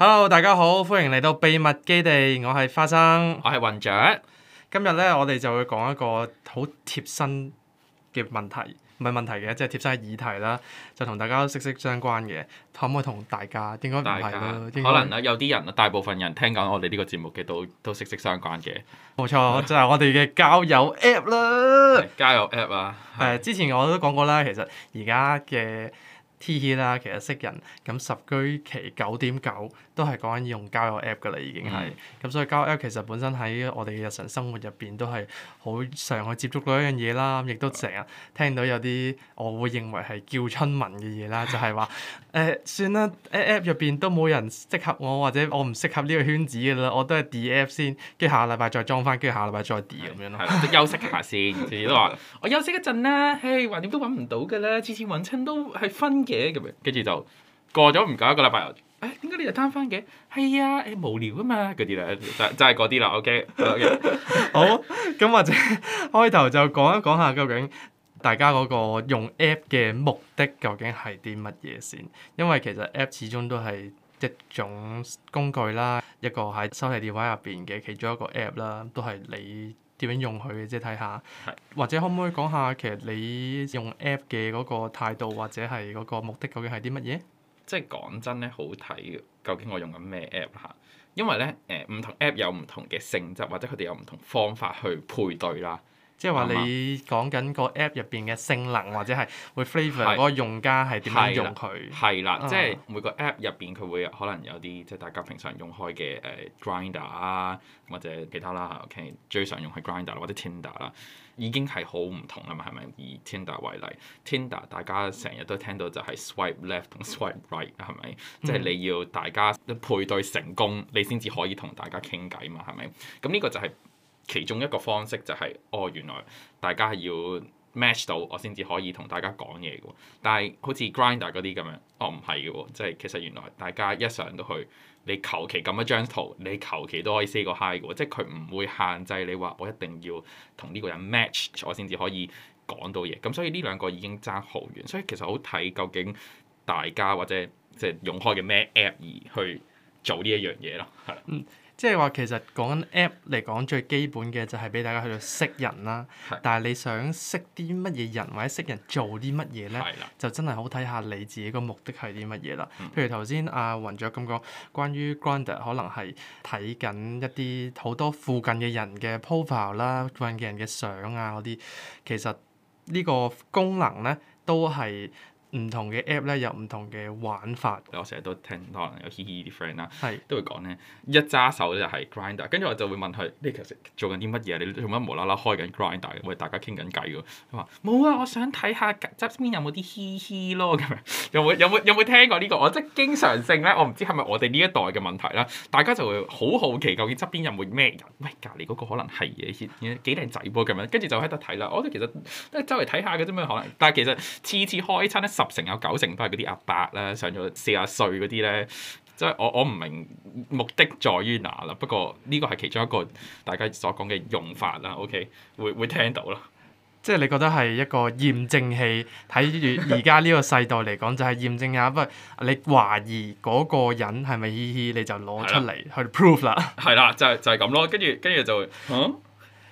Hello，大家好，歡迎嚟到秘密基地，我係花生，我係雲雀。今日咧，我哋就會講一個好貼身嘅問題，唔係問題嘅，即係貼身嘅議題啦，就同大家息息相關嘅，可唔可以同大家？應該大家該可能咧，有啲人，大部分人聽緊我哋呢個節目嘅都都息息相關嘅。冇錯，就係、是、我哋嘅交友 App 啦，交友 App 啊，係之前我都講過啦，其實而家嘅。t k 啦，其實識人咁十居其九點九都係講緊用交友 App 㗎啦，已經係咁，所以交友 App 其實本身喺我哋嘅日常生活入邊都係好常去接觸到一樣嘢啦，亦都成日聽到有啲我會認為係叫親民嘅嘢啦，就係話。誒算啦，A P P 入邊都冇人適合我，或者我唔適合呢個圈子嘅啦，我都係 d f 先，跟住下禮拜再裝翻，跟住下禮拜再 delete 咁對樣咯，休息下先，次次、 嗯、都話我休息一陣啦，誒橫掂都揾唔到嘅啦，次次揾親都係分嘅咁樣，跟住就過咗唔夠一個禮拜又，誒點解你又 down 翻嘅？係啊， 無聊啊嘛，嗰啲咧就就係嗰啲啦，OK，好咁或者開頭就講一講下究竟。大家嗰個用 app 嘅目的究竟係啲乜嘢先？因為其實 app 始終都係一種工具啦，一個喺手提電話入邊嘅其中一個 app 啦，都係你點樣用佢嘅，即睇下。是或者可唔可以講下，其實你用 app 嘅嗰個態度或者係嗰個目的究竟係啲乜嘢？即係講真咧，好睇嘅，究竟我用緊咩 app 啦？因為咧，誒、呃、唔同 app 有唔同嘅性質，或者佢哋有唔同方法去配對啦。即係話你講緊個 app 入邊嘅性能，嗯、或者係會 flavor 嗰個用家係點樣用佢？係啦，uh, 即係每個 app 入邊佢會可能有啲即係大家平常用開嘅誒、uh, grinder 啊，或者其他啦嚇。OK，最常用係 grinder 或者 tinder 啦，已經係好唔同啦嘛，係咪？以 tinder 為例，tinder 大家成日都聽到就係 swipe left 同 swipe right 係咪？即係、嗯、你要大家配對成功，你先至可以同大家傾偈嘛，係咪？咁呢個就係、是。其中一個方式就係，哦，原來大家係要 match 到我先至可以同大家講嘢嘅喎。但係好似 Grindr 嗰啲咁樣，哦唔係嘅喎，即係其實原來大家一上到去，你求其撳一張圖，你求其都可以 say 個 hi 嘅喎。即係佢唔會限制你話我一定要同呢個人 match，我先至可以講到嘢。咁所以呢兩個已經爭好遠。所以其實好睇究竟大家或者即係用開嘅咩 app 而去做呢一樣嘢咯，係啦。 即係話其實講緊 app 嚟講最基本嘅就係俾大家去到識人啦。的但係你想識啲乜嘢人或者識人做啲乜嘢咧，的就真係好睇下你自己個目的係啲乜嘢啦。的譬如頭先阿雲雀咁講，關於 Grindr 可能係睇緊一啲好多附近嘅人嘅 profile 啦，附近嘅人嘅相啊嗰啲，其實呢個功能咧都係。唔同嘅 app 咧有唔同嘅玩法。我成日都聽可能有嘻嘻啲 friend 啦，是都會講咧一揸手就係 grinder，跟住我就會問佢：你其實做緊啲乜嘢？你做乜無啦啦開緊 grinder？喂，大家傾緊偈喎。佢話：冇啊，我想睇下側邊有冇啲嘻嘻咯。咁樣有冇有冇有冇聽過呢個？我即係經常性咧，我唔知係咪我哋呢一代嘅問題啦。大家就會好好奇究竟側邊有冇咩人？喂，隔離嗰個可能係嘢啊。而且幾靚仔噃咁樣。跟住就喺度睇啦。我覺得其實都周圍睇下嘅啫嘛，可能。但係其實次次開餐咧。十成有九成都係嗰啲阿伯啦，上咗四啊歲嗰啲咧，即係我我唔明目的在於哪啦。不過呢個係其中一個大家所講嘅用法啦。OK，會會聽到啦。即係你覺得係一個驗證器，睇住而家呢個世代嚟講，就係驗證下， 不過你懷疑嗰個人係咪你，你就攞出嚟去 prove 啦。係啦，就係、就係、係、咁咯。跟住跟住就會。嗯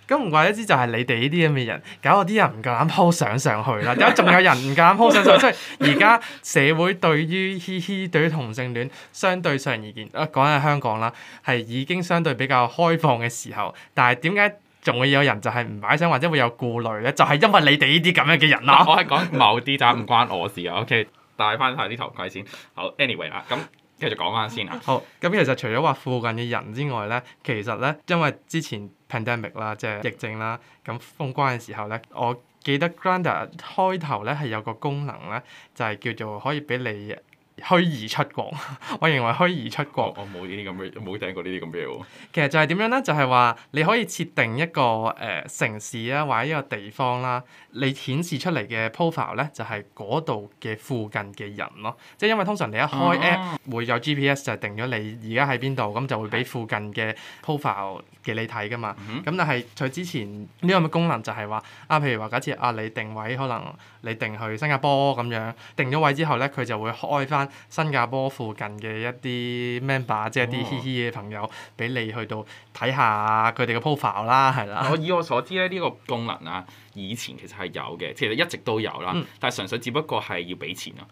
咁唔怪得之就係你哋呢啲咁嘅人搞到啲人唔夠膽 post 上上去啦。而家仲有人唔夠膽 post 上上去，而家 社會對於嘻嘻對於同性戀相對上而言，啊講喺香港啦，係已經相對比較開放嘅時候。但係點解仲會有人就係唔擺相或者會有顧慮咧？就係、是、因為你哋呢啲咁樣嘅人啦、啊啊。我係講某啲啫，唔關我事啊。 OK，戴翻曬啲頭盔先。好，anyway 啦、啊，咁、嗯、繼續講翻先啊。好，咁其實除咗話附近嘅人之外咧，其實咧因為之前。pandemic 啦，Pandemic，即係疫症啦，咁封關嘅時候呢，我記得 Grindr 開頭呢，係有個功能呢，就係、是、叫做可以俾你。虛擬出國，我認為虛擬出國。我冇呢啲咁嘅，冇聽過呢啲咁嘅嘢喎。其實就係點樣呢？就係、是、話你可以設定一個誒、呃、城市啦、啊，或者一個地方啦、啊，你顯示出嚟嘅 profile 呢，就係嗰度嘅附近嘅人咯、啊。即、就、係、是、因為通常你一開 app 會有 GPS 就係定咗你而家喺邊度，咁就會俾附近嘅 profile 嘅你睇㗎嘛。咁、uh huh. 但係佢之前呢個功能就係話啊，譬如話假設啊，你定位可能你定去新加坡咁樣，定咗位之後呢，佢就會開返。新加坡附近嘅一啲 member，即係一啲嘻嘻嘅朋友，俾你去到睇下佢哋嘅 profile 啦，係啦。我以我所知咧，呢、呢個功能啊，以前其實係有嘅，其實一直都有啦，嗯、但係純粹只不過係要俾錢咯。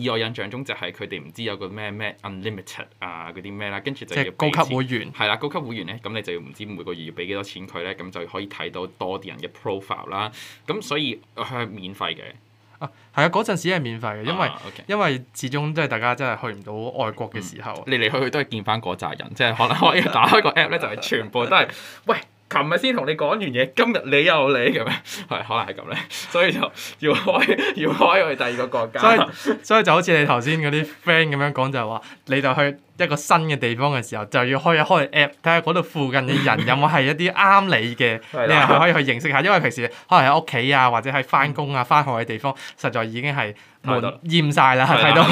而我印象中就係佢哋唔知有個咩咩 unlimited 啊嗰啲咩啦，跟住就要高級會員係啦，高級會員咧，咁你就要唔知每個月要俾幾多錢佢咧，咁就可以睇到多啲人嘅 profile 啦。咁、嗯、所以佢係免費嘅。啊，係啊！嗰陣時係免費嘅，因為、啊 okay、因為始終都係大家真係去唔到外國嘅時候，嚟嚟、嗯、去去都係見翻嗰扎人，即係可能可以打開個 app 咧，就係全部都係 喂，琴日先同你講完嘢，今日你又嚟咁樣？係可能係咁咧，所以就要開要開去第二個國家。 所以所以就好似你頭先嗰啲 friend 咁樣講，就係、是、話你就去，一個新嘅地方嘅時候，就要開一開 app 睇下嗰度附近嘅人有冇係一啲啱你嘅， 你又可以去認識下。因為平時可能喺屋企啊，或者喺返工啊、返學嘅地方，實在已經係悶厭曬啦，太多。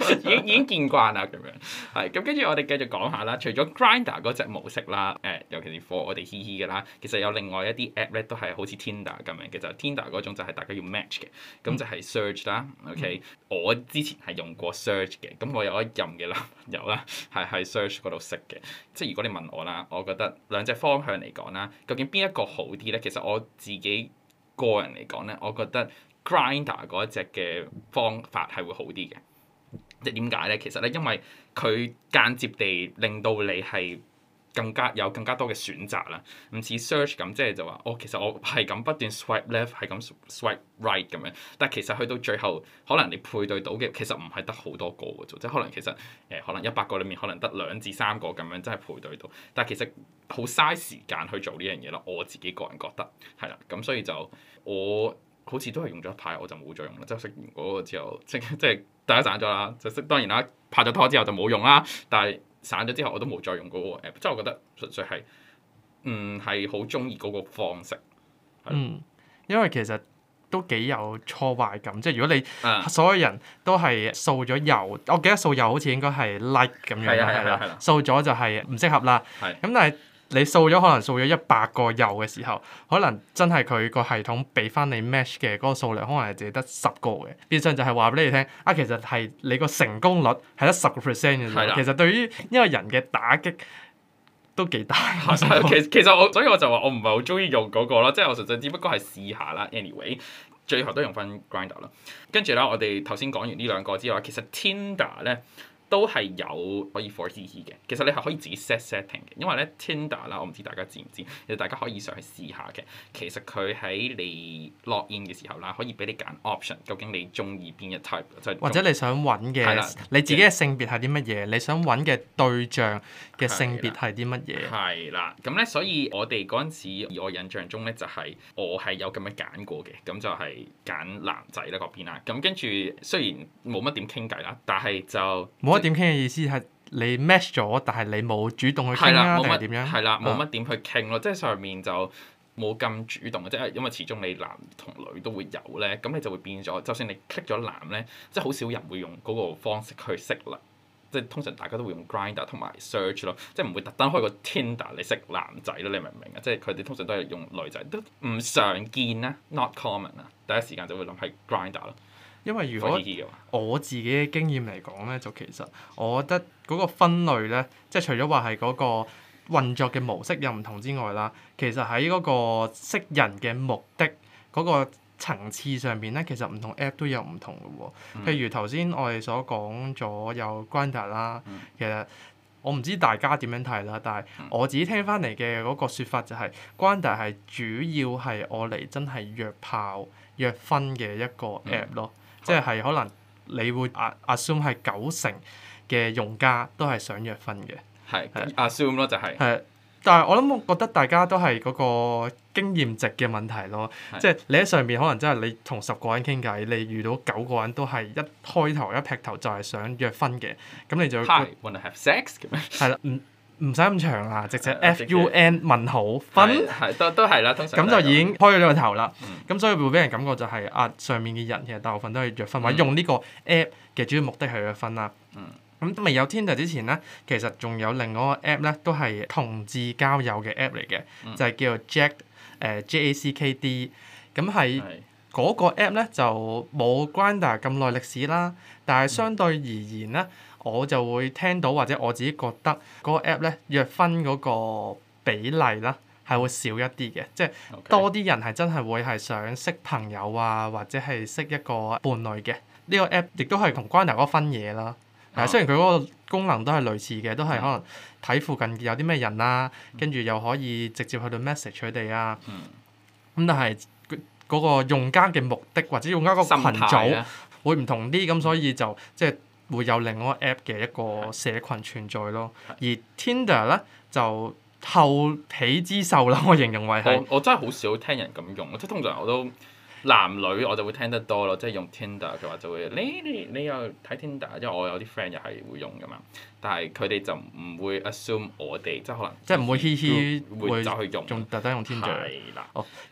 已經已經見慣啦，咁樣。係咁，跟住我哋繼續講下啦。除咗 Grindr 嗰隻模式啦，誒，尤其是 for 我哋嘻嘻嘅啦，其實有另外一啲 app 咧，都係好似 Tinder 咁樣嘅。就 Tinder 嗰種就係大家要 match 嘅，咁就係 Surge 啦、嗯。OK，我之前係用過 Surge 嘅，咁我有一任嘅啦。有啦，係喺 search 嗰度識嘅。即係如果你問我啦，我覺得兩隻方向嚟講啦，究竟邊一個好啲咧？其實我自己個人嚟講咧，我覺得 Grindr 嗰隻嘅方法係會好啲嘅。即係點解咧？其實咧，因為佢間接地令到你係。更加有更加多嘅選擇啦，唔似 search 咁，即係就話，哦，其實我係咁不斷 swipe left，係咁 swipe right 咁樣，但其實去到最後，可能你配對到嘅其實唔係得好多個嘅啫，即可能其實誒、呃，可能一百個裡面可能得兩至三個咁樣，真係配對到，但其實好嘥時間去做呢樣嘢咯，我自己個人覺得係啦，咁所以就我好似都係用咗一排，我就冇再用啦。就識完嗰個之後，即係即係大家散咗啦，就識當然啦，拍咗拖之後就冇用啦，但係。散咗之後我都冇再用嗰個 app，即係我覺得純粹係，唔係好中意嗰個方式。嗯，因為其實都幾有挫敗感，即係如果你、嗯、所有人都係掃咗右，我記得掃右好似應該係甩咁樣啦，掃咗就係唔適合啦。係的。咁、嗯、但係。你掃咗可能掃咗一百個右嘅時候，可能真係佢個系統俾翻你 match 嘅嗰個數量，可能係淨係得十個嘅。變相就係話俾你聽，啊，其實係你個成功率係得十個 percent 嘅。的其實對於呢個人嘅打擊都幾大。 其實其實我所以我就話我唔係好中意用嗰個啦，即係我實際只不過係試下啦。Anyway，最後都用翻 Grindr 咯。跟住啦，我哋頭先講完呢兩個之外，其實 Tinder 咧。都係有可以 forsee 嘅，其實你係可以自己 set setting 嘅，因為咧 Tinder 啦，我唔知大家知唔知，其實大家可以上去試下嘅。其實佢喺你落 in 嘅時候啦，可以俾你揀 option，究竟你中意邊一 type 就或者你想揾嘅，的你自己嘅性別係啲乜嘢，的你想揾嘅對象嘅性別係啲乜嘢。係啦，咁咧，所以我哋嗰陣時，我印象中咧就係、是、我係有咁樣揀過嘅，咁就係揀男仔啦嗰邊啦。咁跟住雖然冇乜點傾偈啦，但係就冇點傾嘅意思係你 match 咗，但係你冇主動去傾啦、啊，定係點樣？係啦，冇乜點去傾咯，uh. 即係上面就冇咁主動。即係因為，始終你男同女都會有咧，咁你就會變咗。就算你 click 咗男咧，即係好少人會用嗰個方式去識男。即係通常大家都會用 Grindr 同埋 Surge 咯，即係唔會特登開個 Tinder 你識男仔咯，你明唔明啊？即係佢哋通常都係用女仔，都唔常見啦，not common 啦，第一時間就會諗係 Grindr 咯。因為如果我自己嘅經驗嚟講咧，就其實我覺得嗰個分類咧，即係除咗話係嗰個運作嘅模式有唔同之外啦，其實喺嗰個識人嘅目的嗰個層次上邊咧，其實唔同 app 都有唔同㗎喎、哦。譬如頭先我哋所講咗有 Grindr、er、啦，嗯、其實我唔知大家點樣睇啦，但係我自己聽翻嚟嘅嗰個說法就係、是嗯、Grindr 係主要係用嚟真係約炮約分嘅一個 app 咯。嗯即係可能你會 assume 係九成嘅用家都係想約婚嘅。係是。係是。assume 就係、是。但係我諗，我覺得大家都係嗰個經驗值嘅問題咯。是即係你喺上面可能真係你同十個人傾偈，你遇到九個人都係一開頭一劈頭就係想約婚嘅，咁你就 Hi，啦 wanna， 嗯。唔使咁長啦，直接 F.U.N. 問號分咁就已經開咗個頭啦。咁、嗯、所以會俾人感覺就係、是、啊，上面嘅人其實大部分都係約分，嗯、或者用呢個 app 嘅主要目的係約分啦。咁未、嗯、有 Tinder 之前咧，其實仲有另外一個 app 咧，都係同志交友嘅 app 嚟嘅、嗯呃，就係叫做 Jack 誒 J.A.C.K.D。咁係嗰個 app 咧就冇 Grindr 咁耐歷史啦，但係相對而言咧，我就會聽到或者我自己覺得嗰、那個 app 咧約分嗰個比例啦，係會少一啲嘅，即係 Okay. 多啲人係真係會係想識朋友啊，或者係識一個伴侶嘅。呢、這個 app 亦都係同 Grindr 嗰個分嘢啦。誒，oh. 雖然佢嗰個功能都係類似嘅，都係可能睇附近有啲咩人啊，跟住、mm. 又可以直接去到 message 佢哋啊。咁、mm. 但係嗰、那個用家嘅目的或者用家個群組、啊、會唔同啲，咁所以就即係。會有另外一個 App 嘅一個社群存在咯，而 Tinder 咧就後起之秀啦，我形容為係。我我真係好少聽人咁用，即係通常我都，男女我就會聽得多咯，即係用 Tinder 嘅話就會，你你你又睇 Tinder，因為我有啲 friend 又係會用㗎嘛。但係佢哋就唔會 assume 我哋，即係可能即係唔會嘻嘻會就去用，仲特登用 Tinder。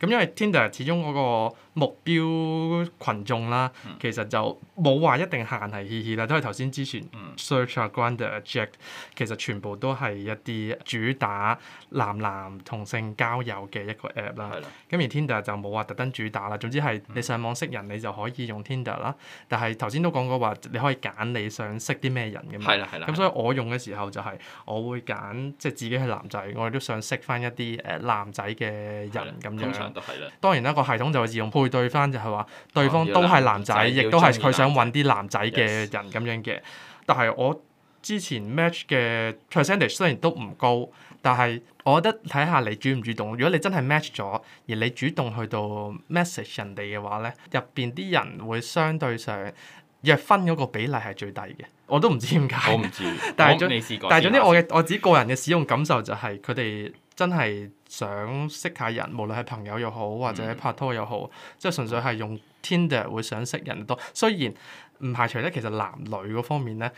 咁因為 Tinder 始終嗰個目標群眾啦，嗯、其實就冇話一定限係嘻嘻啦，都係頭先之前、嗯、Surge 啊，Grindr 啊 Jack'd 其實全部都係一啲主打男男同性交友嘅一個 app 啦。咁是的 而 Tinder 就冇話特登主打啦，總之係你上網識人，你就可以用 Tinder 啦。但係頭先都講過話，你可以揀你想識啲咩人咁樣。咁所以我我用嘅時候就係我會揀即係自己係男仔，我哋都想識翻一啲誒男仔嘅人咁樣。通常都係啦。當然啦，個系統就會自動配對翻，就係話對方都係男仔，亦都係佢想揾啲男仔嘅人咁樣嘅。但係我之前 match 嘅 percentage 雖然都唔高，但係我覺得睇下你主唔主動。如果你真係 match 咗，而你主動去到 message 人哋嘅話咧，入邊啲人會相對上，約分嗰個比例係最低嘅，我都唔知點解？ 但係總，哦、總之我嘅過我，我自己個人嘅使用感受就係，佢哋真係想識下人，嗯、無論係朋友又好或者拍拖又好，即係純粹係用 Tinder 會想識人多。雖然唔排除咧，其實男女嗰方面咧。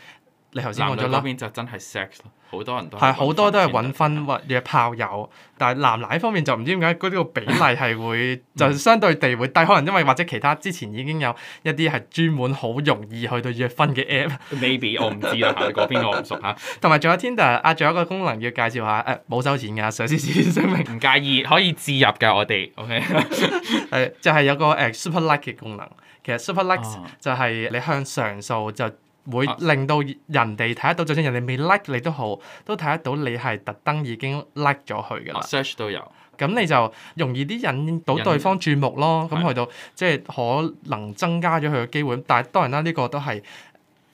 你頭先講咗啦，男男嗰邊就真係 sex，好多人都係好多都係揾分或約、啊、炮友，但係男男方面就唔知點解嗰啲個比例係會 就相對地會低，可能因為或者其他之前已經有一啲係專門好容易去到約分嘅 app。 Maybe 我唔知你嗰、啊、邊我唔熟啊。同埋仲有 Tinder 啊，仲有一個功能要介紹下，誒、啊、冇收錢㗎，首先先聲明唔介意，可以自入㗎我哋。OK，係 就係、係、有個誒、uh, super like 嘅功能，其實 super like、哦、 就係你向上數就。會令到人哋睇得到，就算人哋未 like 你都好，都睇得到你係特登已經 like 咗佢噶啦。search、啊、都有，咁你就容易啲引到對方注目咯。咁去到即係可能增加咗佢嘅機會。但係當然啦，呢、這個都係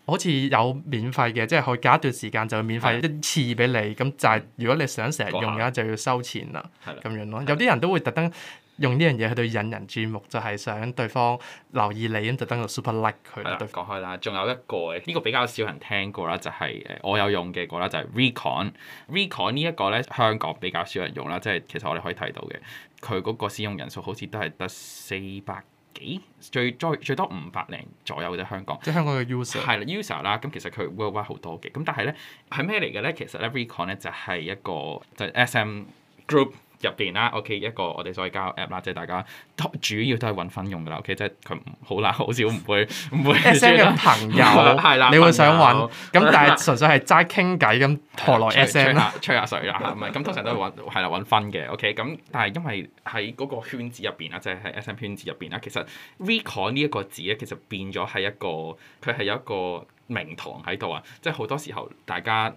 好似有免費嘅，即係佢隔一段時間就會免費一次俾你。咁的就係如果你想成日用嘅話刻，就要收錢啦。係咁的樣咯。的有啲人都會特登。用呢樣嘢去對引人注目，就係、係、想對方留意你，咁就登到 super like 佢啦。講開啦，仲有一個呢、呢個比較少人聽過啦，就係、係、誒我有用嘅個啦，就係、係、recon。recon 呢一個咧，香港比較少人用啦，即係其實我哋可以睇到嘅，佢嗰個使用人數好似都係得四百幾，最最多五百零左右啫。香港即係香港嘅 user 係啦，user 啦，咁其實佢 worldwide 好多嘅，咁但係咧係咩嚟嘅咧？其實咧 recon 咧就係一個就係、SM group。入邊啦，o k 一個我哋所謂交友 app 啦，即係大家主要都係揾分用噶、OK? 啦。O K，即係佢唔好難，好少唔會唔會 SM 朋友你會想揾咁， 但係純粹係齋傾偈咁陀落 SM 吹下水啦唔係咁通常都係揾係啦揾分嘅 O K，咁但係因為喺嗰個圈子入邊啦，即係喺 s, SM 圈子入邊啦，其實 Recon 呢一個字咧，其實變咗係一個佢係有一個。名堂喺度啊，即係好多時候，大家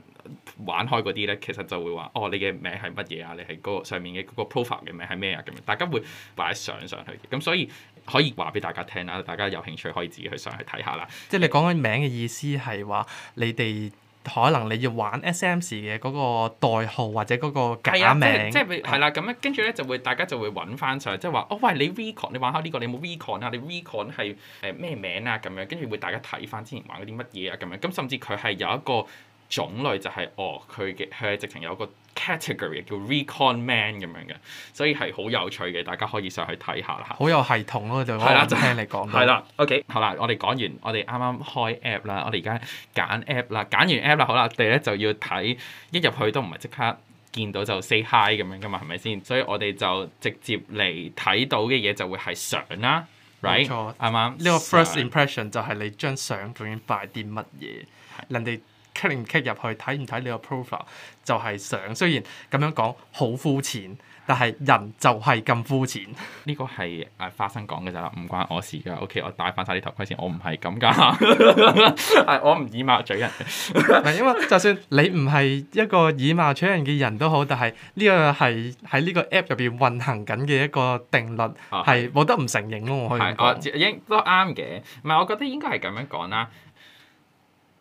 玩開嗰啲咧，其實就會話哦，你嘅名係乜嘢啊？你係嗰個上面嘅嗰個 profile 嘅名係咩啊？咁樣大家會擺相上去嘅，咁所以可以話俾大家聽啦。大家有興趣可以自己去上去睇下啦。即係你講緊名嘅意思係話你哋。可能你要玩 S.M.S 嘅嗰個代號或者嗰個假名，啊，係啦咁咧，跟住咧就會大家就會揾翻上，即係話哦喂，你 Recon 你玩下呢個，你有冇 Recon 啊？你 Recon 係誒咩名啊？咁樣跟住會大家睇翻之前玩嗰啲乜嘢啊？咁樣咁甚至佢係有一個。種類就係、是、哦，佢嘅佢係直情有個 category 叫 recon man 咁樣嘅，所以係好有趣嘅，大家可以上去睇下啦。好有系統咯、啊，就係啦，就聽你講啦。係啦，OK，好啦，我哋講完，我哋啱啱開 app 啦，我哋而家揀 app 啦，揀完 app 啦，好啦，我哋咧就要睇一入去都唔係即刻見到就 say hi 咁樣噶嘛，係咪先？所以我哋就直接嚟睇到嘅嘢就會係相啦，啱啱錯？呢 Right? 個 first impression 相就係你張相究竟擺啲乜嘢，人哋對。kick 唔 kick 入去，睇唔睇你個 profile 就係想。雖然咁樣講好膚淺，但係人就係咁膚淺。呢個係阿花生講嘅咋，唔關我的事噶。OK，我戴翻晒啲頭盔先，我唔係咁噶，我唔以貌取人。唔 係 因為就算你唔係一個以貌取人嘅人都好，但係呢個係喺呢個 app 入邊運行緊嘅一個定律，係冇得唔承認咯。我應該應都啱嘅。唔係，我覺得應該係咁樣講啦。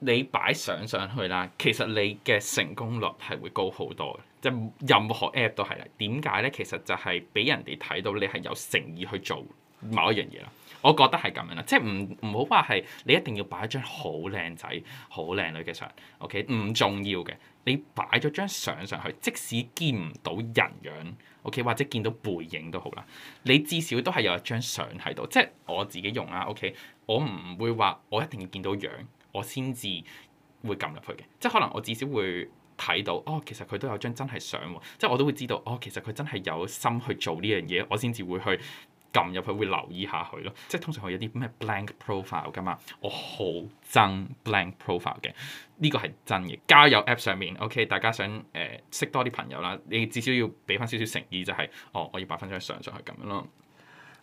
你擺相上去啦，其實你嘅成功率係會高好多嘅，即任何 app 都係啦。點解咧？其實就係俾人哋睇到你係有誠意去做某一樣嘢啦。我覺得係咁樣啦，即係唔唔好話係你一定要擺一張好靚仔、好靚女嘅相。OK，唔重要嘅。你擺咗張相上去，即使見唔到人樣，OK，或者見到背影都好啦。你至少都係有一張相喺度。即係我自己用啦、啊。OK，我唔會話我一定要見到樣。我先至會撳入去嘅，即係可能我至少會睇到哦，其實佢都有張真係相喎、啊，即係我都會知道哦，其實佢真係有心去做呢樣嘢，我先至會去撳入去，會留意下佢咯。即係通常佢有啲咩 blank profile 噶嘛，我好憎 blank profile 嘅，呢、這個係真嘅。交友 app 上面，OK，大家想誒、呃、識多啲朋友啦，你至少要俾翻少少誠意，就係、是、哦，我要擺返張相上去咁樣咯。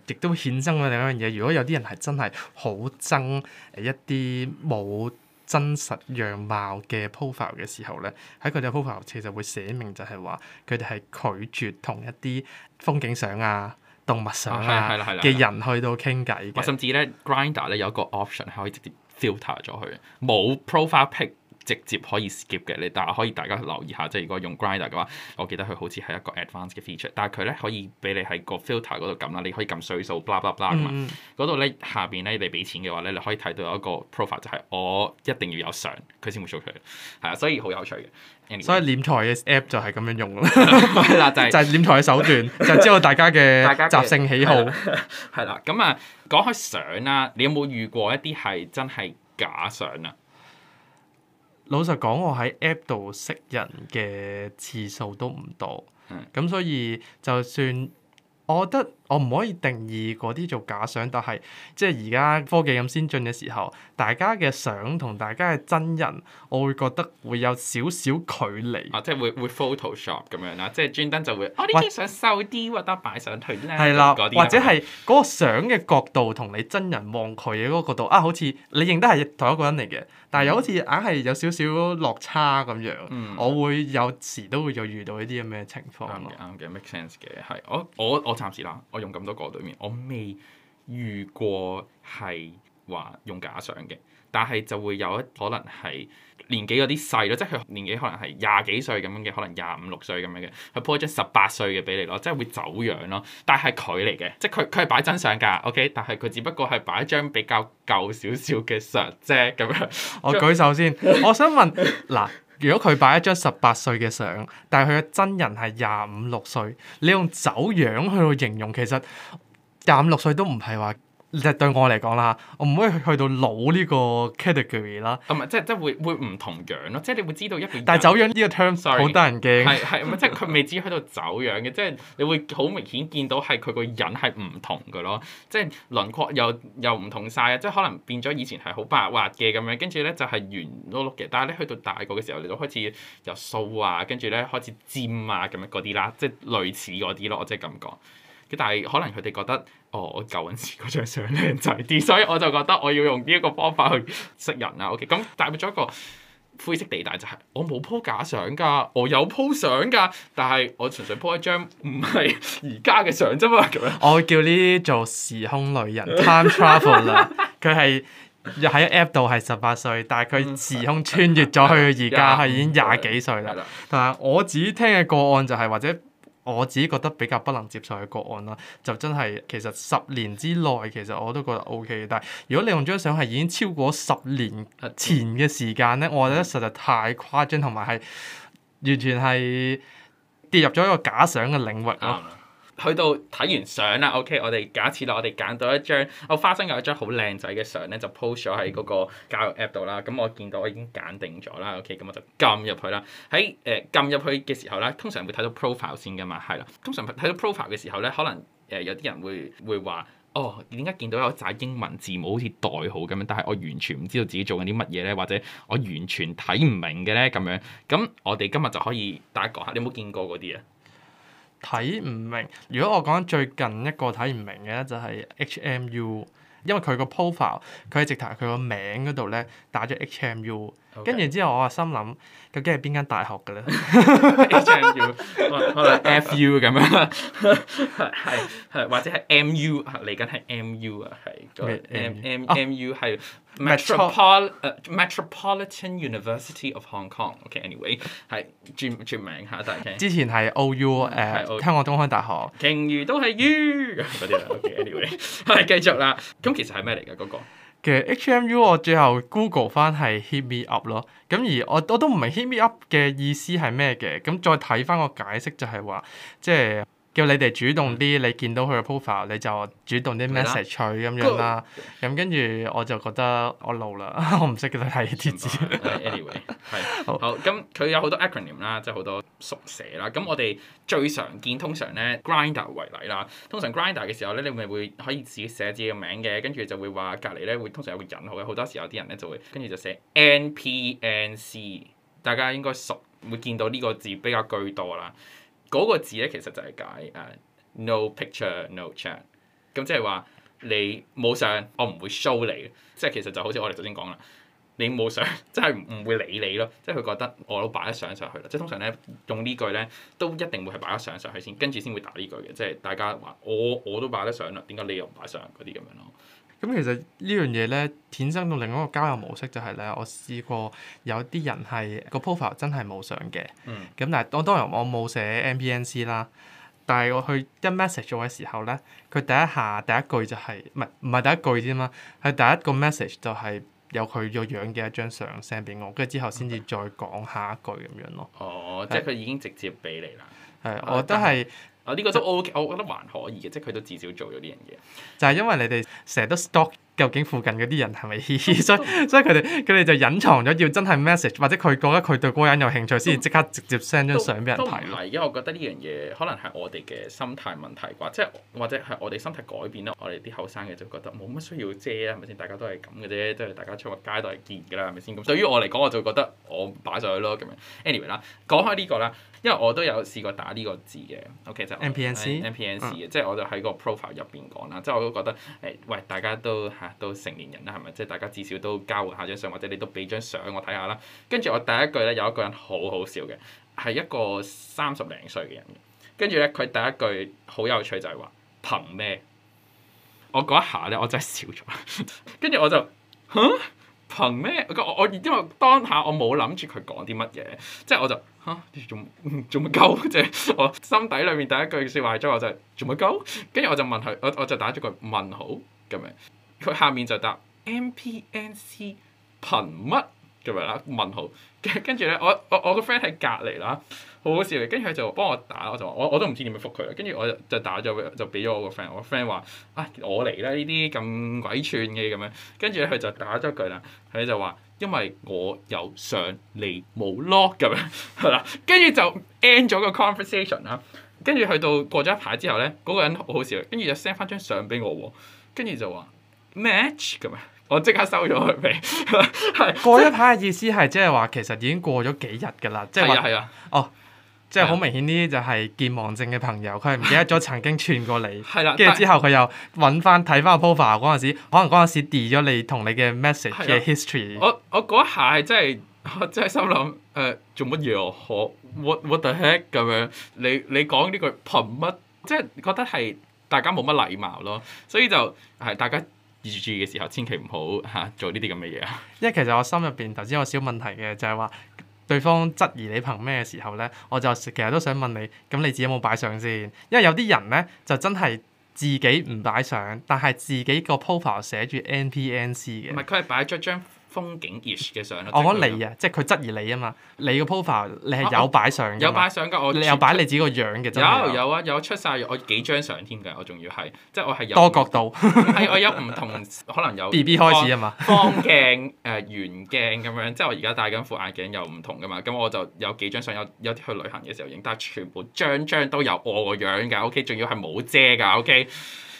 亦都衍生咗另一樣嘢，如果有啲人係真係好憎誒，一啲冇真實樣貌嘅 profile 嘅時候咧，喺佢哋 profile 其實會寫明就係話佢哋係拒絕同一啲風景相啊、動物相啊嘅人去到傾偈嘅。哦、甚至咧，Grindr 咧有一個 option 係可以直接 filter 咗佢冇 profile pic。Prof k 直接可以 skip 嘅，你大可以大家留意下，即係如果用 Grindr 嘅話，我記得佢好似係一個 advanced 嘅 feature，但係佢咧可以俾你喺個 filter 嗰度撳啦，你可以撳歲數，blah blah blah 咁啊。嗰度咧下邊咧你俾錢嘅話咧，你可以睇到有一個 profile 就係我一定要有相，佢先會 show 出嚟，係啊，所以好有趣嘅。Anyway, 所以斂財嘅 app 就係咁樣用啦，係啦，就就係斂財嘅手段，就係、知道大家嘅習性喜好，係啦。 咁啊、嗯，講開相啦，你有冇遇過一啲係真係假相啊？老實講，我喺 App 度識人嘅次數都唔多，咁的所以就算我覺得。我唔可以定義嗰啲做假相，但係即係而家科技咁先進嘅時候，大家嘅相同大家嘅真人，我會覺得會有少少距離啊，即係會會 Photoshop 咁樣啦，即係專登就會我呢張相瘦啲，或者擺上去，咧，係啦，或者係嗰個相嘅角度同你真人望佢嘅嗰個角度啊，好似你認得係同一個人嚟嘅，但係又好似硬係有少少落差咁樣。我會有時都會有遇到呢啲咁嘅情況。啱嘅，啱嘅，make sense 嘅，係我我我暫時啦。用咁多個對面，我未遇過係話用假相嘅，但係就會有一可能係年紀有啲細咯，即係佢年紀可能係廿幾歲咁樣嘅，可能廿五六歲咁樣嘅，佢 po 一張十八歲嘅俾你咯，即係會走樣咯。但係佢嚟嘅，即係佢佢係擺真相㗎，OK。但係佢只不過係擺一張比較舊少少嘅相啫咁樣。我舉手先， 我想問嗱。如果佢擺一張十八歲嘅相，但係佢嘅真人係廿五六歲，你用走樣去到形容，其實廿五六歲都唔係話。其實對我嚟講啦，我唔可以去到老呢個 category 啦。唔係、嗯，即係即係會會唔同樣咯，即係你會知道一個。但係走樣呢個 term，Sorry ,好得人驚。係係，唔係 即係佢未至於去到走樣嘅，即係你會好明顯見到係佢個人係唔同嘅咯。即係輪廓又又唔同晒，啊！即係可能變咗以前係好白滑嘅咁樣，跟住咧就係圓碌碌嘅。但係咧去到大個嘅時候，你就開始有鬚啊，跟住咧開始尖啊咁樣嗰啲啦，即係類似嗰啲咯，我即係咁講。但係可能佢哋覺得，哦，我舊陣時嗰張相靚仔啲，所以我就覺得我要用呢一個方法去識人啦。OK，咁帶入咗一個灰色地帶就係、是、我冇鋪假相㗎，我有鋪相㗎，但係我純粹鋪一張唔係而家嘅相啫嘛。咁樣我叫呢啲做時空旅人 time traveler 啦。佢係又喺 A P P 度係十八歲，但係佢時空穿越咗去而家係已經廿幾歲啦。但係我自己聽嘅個案就係、是、或者。我自己覺得比較不能接受嘅個案啦，就真係其實十年之內其實我都覺得 OK，但係如果你用張相係已經超過十年前嘅時間咧，我覺得實在太誇張同埋係完全係跌入咗一個假想嘅領域咯。去到睇完相啦，OK，我哋假設啦，我哋揀到一張，我、哦、花生有一張好靚仔嘅相咧，就 post 咗喺嗰個交友 app 度啦。咁我見到我已經揀定咗啦，OK，咁我就撳入去啦。喺誒撳入去嘅時候咧，通常會睇到 profile 先噶嘛，係啦。通常睇到 profile 嘅時候咧，可能誒、呃、有啲人會會話，哦，點解見到有一紮英文字母好似代號咁樣，但係我完全唔知道自己做緊啲乜嘢咧，或者我完全睇唔明嘅咧咁樣。咁我哋今日就可以大家講下，你有冇見過嗰啲啊？睇唔明。如果我講最近一個睇唔明嘅咧，就係 H.M.U。因為佢個 profile，佢係直頭，佢個名嗰度咧打咗 H.M.U。跟住之後，我啊心諗，究竟係邊間大學嘅咧？HNU，好啦，FU 咁樣，係，或者係 MU 嚟緊係 MU 啊，咁個 MU 係 Metropolitan University of Hong Kong。OK，anyway，係著名嚇，大家之前係 OU 誒，香港公開大學。鯨魚都係 U，嗰啲啦，OK，anyway，好啦，繼續啦。咁其實係咩嚟㗎嗰個？其實 HMU 我最後 Google 返係 hit me up 咯，咁而我，我都唔明 hit me up 嘅意思係咩嘅，咁再睇返個解釋就係話即係。叫你哋主動啲，你見到佢嘅 profile 你就主動啲 message 佢咁樣啦。咁跟住我就覺得我老啦，我唔識得睇帖子。Anyway，係 是好。咁佢有好多 acronym 啦，即係好多縮寫啦。咁我哋最常見通常咧 Grindr 為例啦。通常 Grindr 嘅時候咧，你咪會，會可以自己寫自己嘅名嘅。跟住就會話隔籬咧會通常有個引號嘅。好多時候啲人咧就會跟住就寫 N P N C。大家應該熟會見到呢個字比較居多啦。嗰個字咧，其實就係解誒、uh, no picture no chance 咁即係話你冇相，我唔會 show 你，即係其實就好似我哋頭先講啦，你冇相，即係唔會理你咯，即係佢覺得我都擺得相上去啦，即係通常咧用呢句咧都一定會係擺得相上去先，跟住先會打呢句嘅，即係大家話我我都擺得相啦，點解你又唔擺相嗰啲咁樣咯？咁、嗯、其實呢樣嘢咧，衍生到另外一個交友模式就係咧，我試過有啲人係、個 profile 真係冇相嘅，咁、嗯、但係我當然我冇寫 N P N C 啦，但係我去一 message 咗嘅時候咧，佢第一下第一句就係唔係唔係第一句啫嘛，佢第一個 message 就係有佢個樣嘅一張相 send 俾我，跟住之後先至再講下一句咁樣咯。嗯、是哦，即係佢已經直接俾你啦。係是，我覺得係。我呢、啊這個都 O、OK, K，就，我覺得還可以嘅，即係佢都至少做咗呢樣嘢，就係因為你哋成日都 stock。究竟附近嗰啲人係咪？ 所以所以佢哋佢哋就隱藏咗，要真係 message 或者佢覺得佢對嗰個人有興趣，先至即刻直接 send 張都相俾人睇咯。而家我覺得呢樣嘢可能係我哋嘅心態問題啩，即係或者係我哋心態改變咯。我哋啲後生嘅就覺得冇乜需要遮啊，係咪先？大家都係咁嘅啫，都係大家出個街都係見㗎啦，係咪先？咁對於我嚟講，我就覺得我擺上去咯咁樣。anyway 啦，講開呢、這個啦，因為我都有試過打呢個字嘅，OK 就 N P N C N、哎、P N C 即係、嗯、我就喺個 profile 入邊講啦，即、就、係、是、我都覺得誒、哎、喂，大家都嚇～都成年人啦，係咪？即係大家至少都交換下張相，或者你都俾張相我睇下啦。跟住我第一句咧，有一個人好好笑嘅，係一個三十零歲嘅人。跟住咧，佢第一句好有趣就係話：憑咩？我嗰一下咧，我真係笑咗。跟 住我就哼，憑咩？我我因為當下我冇諗住佢講啲乜嘢，即係我就嚇，做做乜鳩啫！ 我心底裏面第一句説話嘅話就係做乜鳩。跟住我就問佢，我我就打咗個問號咁樣。佢下面就答 NPNC 憑乜，咁咪啦，問號。跟跟住咧，我我我個 friend 喺隔離啦，好好笑嘅。跟住佢就幫我打，我就話我我都唔知點樣覆佢。跟住我就打就打就就俾咗我個 friend。我個 friend 話啊，我嚟啦！呢啲咁鬼串嘅咁樣。跟住咧，佢就打咗一句啦，佢就話因為我有相，你冇 lock 咁樣，係啦。跟住就 end 咗個 conversation 啦。跟住去到過咗一排之後咧，嗰個人好好笑，跟住就 send 翻張相俾我喎。跟住就話。match 咁 是？咩？我即刻收咗佢皮。係。過一排嘅意思係即係話其實已經過咗幾日㗎啦，即係話哦，啊、即係好明顯呢啲就係健忘症嘅朋友，佢係唔記得咗曾經串過你。跟住、啊、之後佢又揾翻睇翻個 profile 嗰陣時，可能嗰陣時 delete 咗你同你嘅 message 嘅、啊、history。我我嗰一下係真係，真係心諗誒、呃、做乜嘢哦？What what the heck 咁樣？你你講呢句憑乜？即、就、係、是、覺得係大家冇乜禮貌咯，所以就係大家。大家要注意嘅時候，千祈唔好嚇做呢啲咁嘅嘢啊！因為其實我心入邊頭先有小問題嘅，就係話對方質疑你憑咩嘅時候咧，我就其實都想問你，咁你自己有冇擺相先？因為有啲人咧就真係自己唔擺相，但係自己個 profile 寫住 NPNC 嘅。唔係，佢係擺咗張。風景 ish 嘅相，我覺得你啊，即係佢質疑你啊嘛，你嘅 profile 你係有擺相，啊，有擺相噶？我有擺你自己個樣嘅有，有有啊，有出晒我幾張相添㗎，我仲要係即係我係有多角度，係我有唔同 可能有 BB 開始啊嘛，方鏡誒、呃、圓鏡咁樣，即係我而家戴緊副眼鏡又唔同噶嘛，咁我就有幾張相有有啲去旅行嘅時候影，但係全部張張都有我個樣㗎，OK，仲要係冇遮㗎，OK。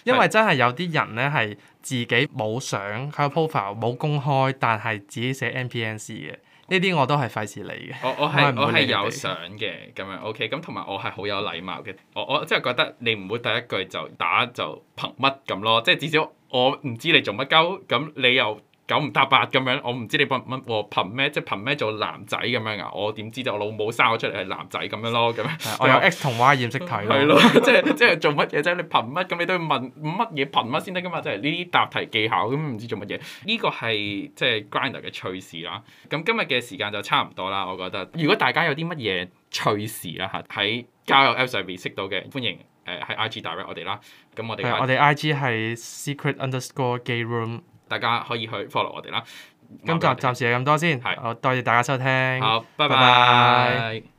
因為真係有啲人咧係自己冇相，佢個 profile 冇公開，但係自己寫 N P N C 嘅，呢啲我都係費事理嘅。我我係我係有相嘅，咁樣 OK。咁同埋我係好有禮貌嘅。我我真係覺得你唔會第一句就打就憑乜咁咯？即係至少我唔知你做乜鳩，咁你又。九唔搭八咁樣，我唔知你憑乜，我憑咩？即係憑咩做男仔咁樣啊？我點知啫？我老母生我出嚟係男仔咁樣咯，咁樣。我有 X 同 Y 染色體。係咯，即係即係做乜嘢啫？ 你憑乜？咁你都要問乜嘢憑乜先得噶嘛？即係呢啲答題技巧咁，唔知做乜嘢？呢、這個係即係 Grindr e 嘅趣事啦。咁今日嘅時間就差唔多啦，我覺得。如果大家有啲乜嘢趣事啦嚇，喺交友 a p p 上面識到嘅，歡迎誒喺、呃、IG 打 i 我哋啦。咁我哋。我哋 IG 係 secret underscore gay room。大家可以去 follow 我哋啦。今集暫時係咁多先，係。好，多謝大家收聽。好，拜拜。Bye bye